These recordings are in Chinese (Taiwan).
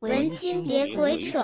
文青別鬼扯！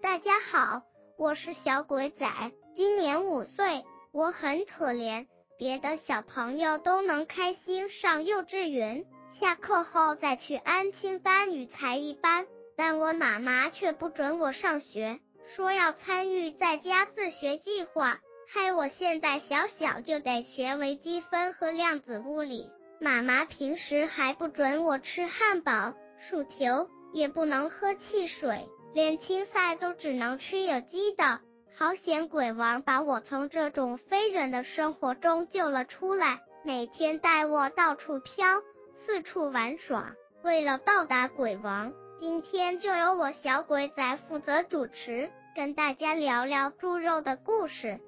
大家好，我是小鬼仔，今年五歲，我很可憐，別的小朋友都能開心上幼稚園，下課後再去安親班與才藝班，但我媽媽卻不准我上學，說要參與在家自學計劃，害我現在小小就得學微積分和量子物理。媽媽平時還不准我吃漢堡。薯條也不能喝汽水，連青菜都只能吃有機的。好險，鬼王把我從這種非人的生活中救了出來，每天帶我到處飄，四處玩耍。為了報答鬼王，今天就由我小鬼仔負責主持，跟大家聊聊豬肉的故事。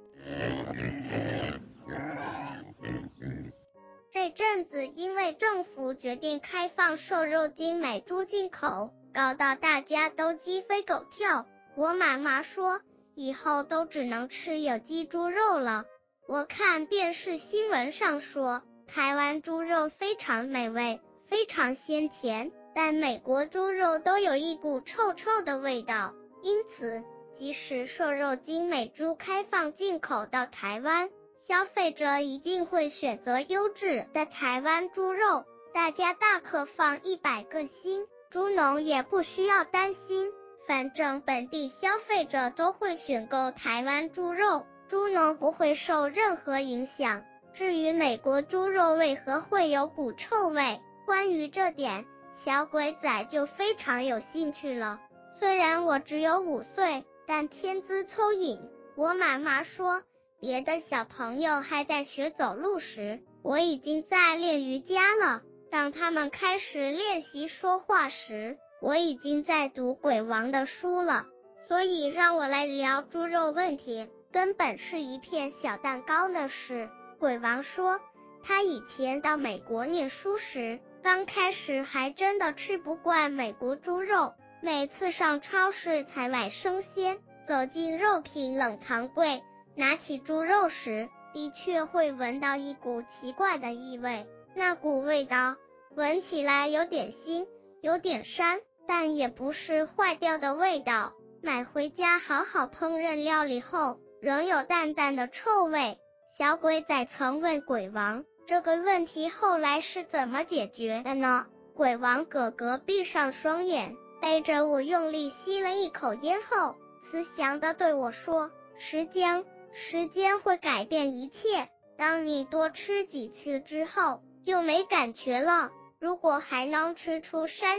這陣子因為政府決定開放瘦肉精美豬進口，搞到大家都雞飛狗跳。我媽媽說，以後都只能吃有機豬肉了。我看電視新聞上說，台灣豬肉非常美味，非常鮮甜，但美國豬肉都有一股臭臭的味道，因此即使瘦肉精美豬開放進口到台灣，消費者一定會選擇優質的台灣豬肉，大家大可放一百個心，豬農也不需要擔心，反正本地消費者都會選購台灣豬肉，豬農不會受任何影響。至於美國豬肉為何會有股臭味，關於這點，小鬼仔就非常有興趣了。雖然我只有五歲，但天資聰穎，我媽媽說。別的小朋友還在學走路時，我已經在練瑜伽了；當他們開始練習說話時，我已經在讀鬼王的書了。所以讓我來聊豬肉問題，根本是一片小蛋糕的事。鬼王說，他以前到美國念書時，剛開始還真的吃不慣美國豬肉，每次上超市採買生鮮，走進肉品冷藏櫃，拿起豬肉時，的確會聞到一股奇怪的異味。那股味道，聞起來有點腥，有點膻，但也不是壞掉的味道。買回家好好烹飪料理後，仍有淡淡的臭味。小鬼仔曾問鬼王這個問題，後來是怎麼解決的呢？鬼王哥哥閉上雙眼，背着我用力吸了一口煙後，慈祥地對我說：“時間。”時間會改變一切。當你多吃幾次之後，就沒感覺了。如果還能吃出羶腥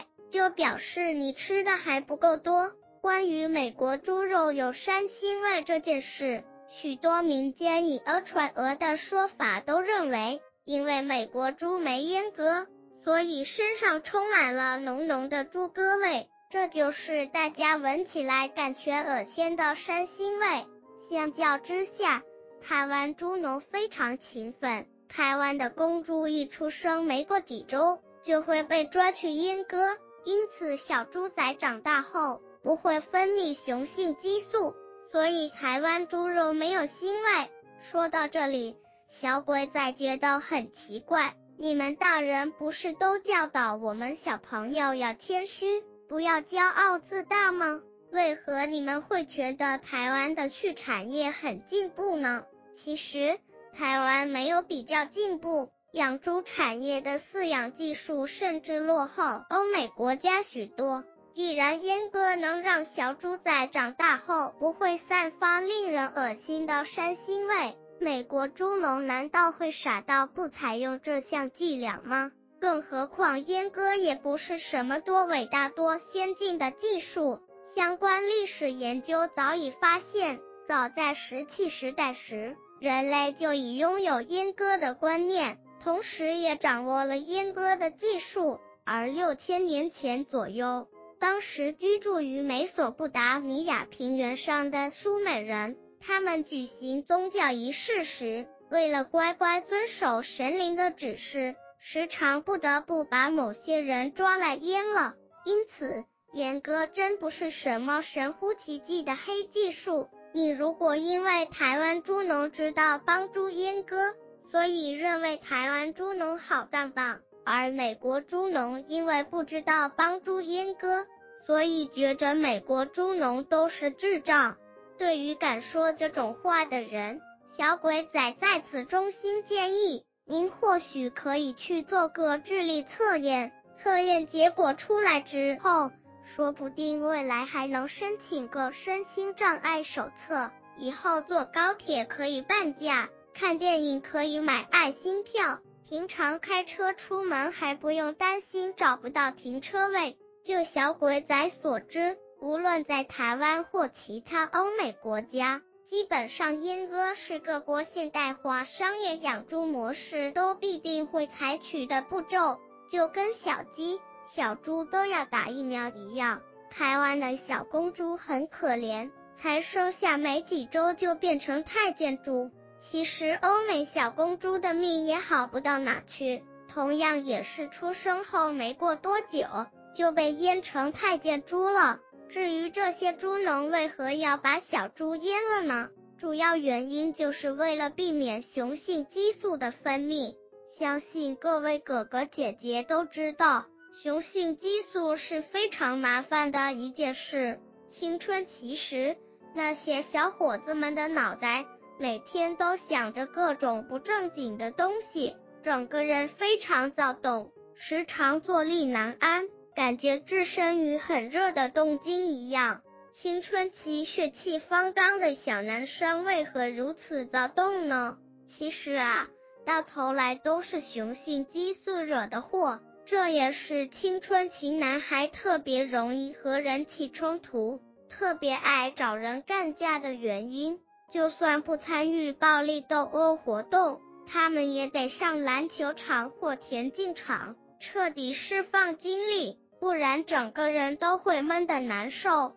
味，就表示你吃的還不夠多。關於美國豬肉有羶腥味這件事，許多民間以訛傳訛的說法都認為，因為美國豬沒閹割，所以身上充滿了濃濃的豬哥味，這就是大家聞起來感覺噁心的羶腥味。相較之下，台灣豬農非常勤奮。台灣的公豬一出生沒過幾周，就會被抓去閹割，因此小豬仔長大後不會分泌雄性激素，所以台灣豬肉沒有腥味。說到這裡，小鬼仔覺得很奇怪：你們大人不是都教導我們小朋友要謙虛，不要驕傲自大嗎？為何你們會覺得台灣的畜產業很進步呢？其實台灣沒有比較進步，養豬產業的飼養技術甚至落後歐美國家許多。既然閹割能讓小豬仔長大後不會散發令人噁心的羶腥味，美國豬農難道會傻到不採用這項伎倆嗎？更何況閹割也不是什麼多偉大多先進的技術。相關歷史研究早已發現，早在石器時代時，人類就已擁有閹割的觀念，同時也掌握了閹割的技術。而六千年前左右，當時居住於美索不達米亞平原上的蘇美人，他們舉行宗教儀式時，為了乖乖遵守神靈的指示，時常不得不把某些人抓來閹了。因此，閹割真不是什麼神乎其技的黑技術。你如果因為台灣豬農知道幫豬閹割，所以認為台灣豬農好棒棒；而美國豬農因為不知道幫豬閹割，所以覺着美國豬農都是智障。對於敢說這種話的人，小鬼仔在此衷心建議您，或許可以去做個智力測驗。測驗結果出來之後。說不定未來還能申請個身心障礙手冊，以後坐高鐵可以半價，看電影可以買愛心票，平常開車出門還不用擔心找不到停車位。就小鬼仔所知，無論在台灣或其他歐美國家，基本上閹割是各國現代化商業養豬模式都必定會採取的步驟，就跟小雞。小豬都要打疫苗一樣，台灣的小公豬很可憐，才生下沒幾周就變成太監豬。其實歐美小公豬的命也好不到哪去，同樣也是出生後沒過多久就被閹成太監豬了。至於這些豬農為何要把小豬閹了呢？主要原因就是為了避免雄性激素的分泌。相信各位哥哥姐姐都知道。雄性激素是非常麻煩的一件事。青春期時，那些小伙子們的腦袋每天都想着各種不正經的東西，整個人非常躁動，時常坐立難安，感覺置身於很熱的東京一樣。青春期血氣方剛的小男生為何如此躁動呢？其實啊，到頭來都是雄性激素惹的禍。這也是青春期男孩特別容易和人起衝突，特別愛找人幹架的原因。就算不參與暴力鬥毆、呃、活動，他們也得上籃球場或田徑場徹底釋放精力，不然整個人都會悶得難受。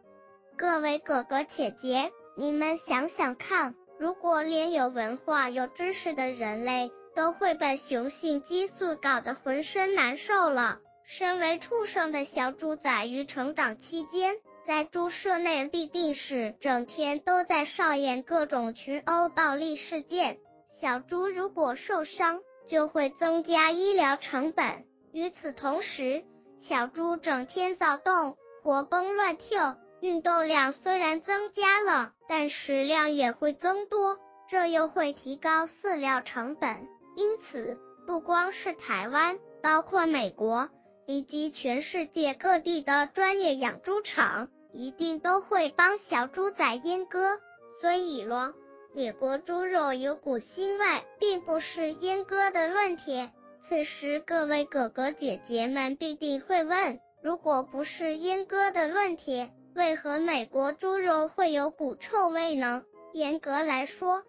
各位哥哥姐姐，你們想想看，如果連有文化、有知識的人類，都會被雄性激素搞得渾身難受了。身為畜生的小豬仔於成長期間，在豬舍內必定是整天都在上演各種群毆暴力事件。小豬如果受傷，就會增加醫療成本。與此同時，小豬整天躁動，活蹦亂跳，運動量雖然增加了，但食量也會增多，這又會提高飼料成本。因此，不光是台灣，包括美國以及全世界各地的專業養豬場，一定都會幫小豬仔閹割。所以咯，美國豬肉有股腥味，並不是閹割的問題。此時，各位哥哥姐姐們必定會問：如果不是閹割的問題，為何美國豬肉會有股臭味呢？嚴格來說，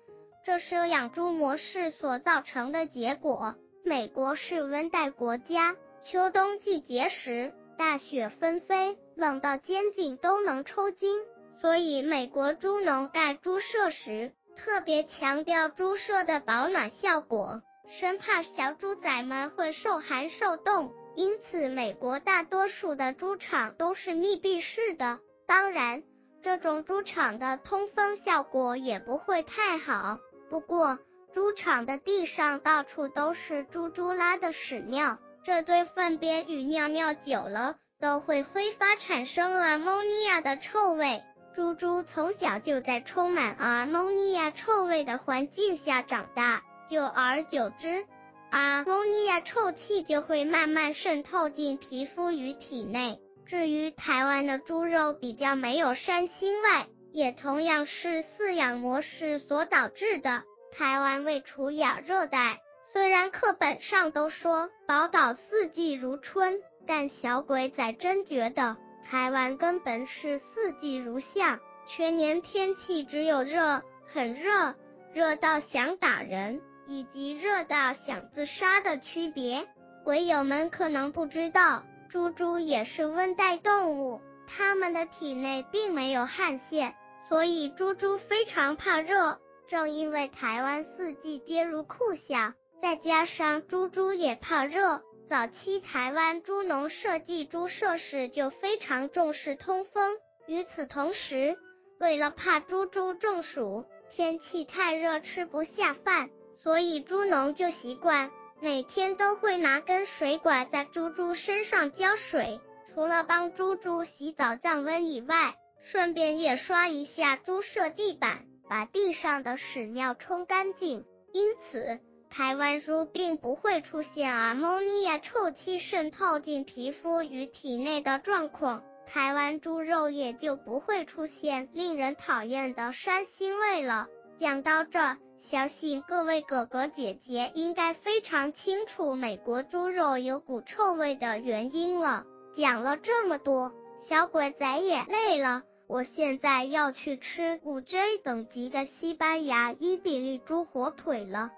這是由養豬模式所造成的結果。美國是溫帶國家，秋冬季節時大雪紛飛，冷到肩頸都能抽筋。所以美國豬農蓋豬舍時，特別強調豬舍的保暖效果，生怕小豬仔們會受寒受凍。因此，美國大多數的豬場都是密閉式的，當然，這種豬場的通風效果也不會太好。不過，豬場的地上到處都是豬豬拉的屎尿，這堆糞便與尿尿久了都會揮發，產生了阿摩尼亞的臭味。豬豬從小就在充滿阿摩尼亞臭味的環境下長大，久而久之，阿摩尼亞臭氣就會慢慢滲透進皮膚與體內。至於台灣的豬肉比較沒有膻腥味。也同樣是飼養模式所導致的。台灣位處亞熱帶，雖然課本上都說寶島四季如春，但小鬼仔真覺得台灣根本是四季如夏，全年天氣只有熱，很熱，熱到想打人，以及熱到想自殺的區別。鬼友們可能不知道，豬豬也是溫帶動物，它們的體內並沒有汗腺。所以豬豬非常怕熱，正因為台灣四季皆如酷夏，再加上豬豬也怕熱，早期台灣豬農設計豬舍時就非常重視通風。與此同時，為了怕豬豬中暑，天氣太熱吃不下飯，所以豬農就習慣每天都會拿根水管在豬豬身上澆水，除了幫豬豬洗澡降溫以外。順便也刷一下豬舍地板，把地上的屎尿沖乾淨。因此，台灣豬並不會出現阿摩尼亞臭氣滲透進皮膚與體內的狀況，台灣豬肉也就不會出現令人討厭的羶腥味了。講到這，相信各位哥哥姐姐應該非常清楚美國豬肉有股臭味的原因了。講了這麼多，小鬼仔也累了。我現在要去吃五 J 等級的西班牙伊比利豬火腿了，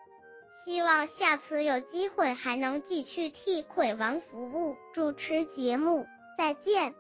希望下次有機會還能繼續替鬼王服務，主持節目，再見。